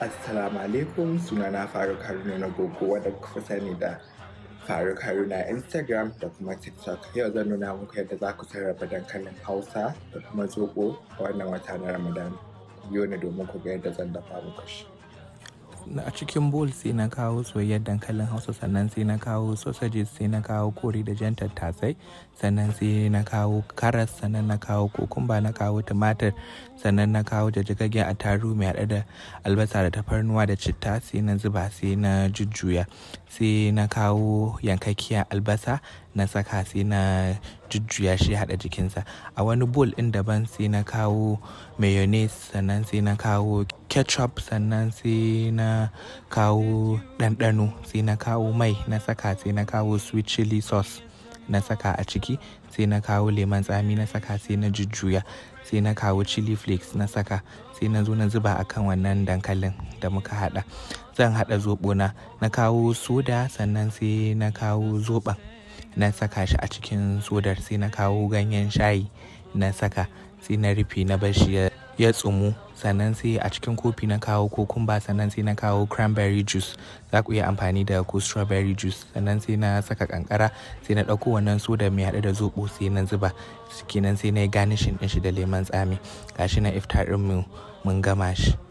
Assalamu alaikum sunana Faruk Haruna na Boko wadda kuka sani da Faruk Haruna Instagram da kuma TikTok. Yau zan nuna muku yadda za ku sarrafa dankalin Hausa da kuma zobo a wannan wata na Ramadan. Yau ne domin ku ga yadda zan dafa muku shi. a cikin bowl sai na kawo soyayyar dankalin hausa sannan sai na kawo sausages sai na kawo kori da jan tattasai sannan sai na kawo karas sannan na kawo kokumba na kawo tumatir sannan na kawo a attarugu mai haɗe da albasa da tafarnuwa da citta sai na zuba sai na jujjuya sai na kawo yankakkiyar albasa na saka sai na jujjuya shi haɗa jikinsa a wani bowl ɗin daban sai na kawo mayonnaise sannan sai na kawo ketchup sannan sai na kawo ɗanɗano sai na kawo mai na saka sai na kawo sweet chili sauce na saka a ciki sai na kawo lemon tsami na saka sai na jujjuya sai na kawo chili flakes na saka sai na zo na zuba a kan wannan dankalin da muka hada zan hada zobo na kawo soda sannan sai na kawo zoɓan na saka shi a cikin sodar sai na kawo ganyen shayi na saka sai na rufe na bar shi ya tsumu sannan sai a cikin kofi na kawo kokumba sannan sai na kawo cranberry juice za ku iya amfani da ko strawberry juice sannan sai na saka kankara sai na ɗauko wannan soda mai haɗe da zobo sai na zuba kenan sai na yi ganishin ɗin shi da lemon tsami gashi na iftar mu mun gama shi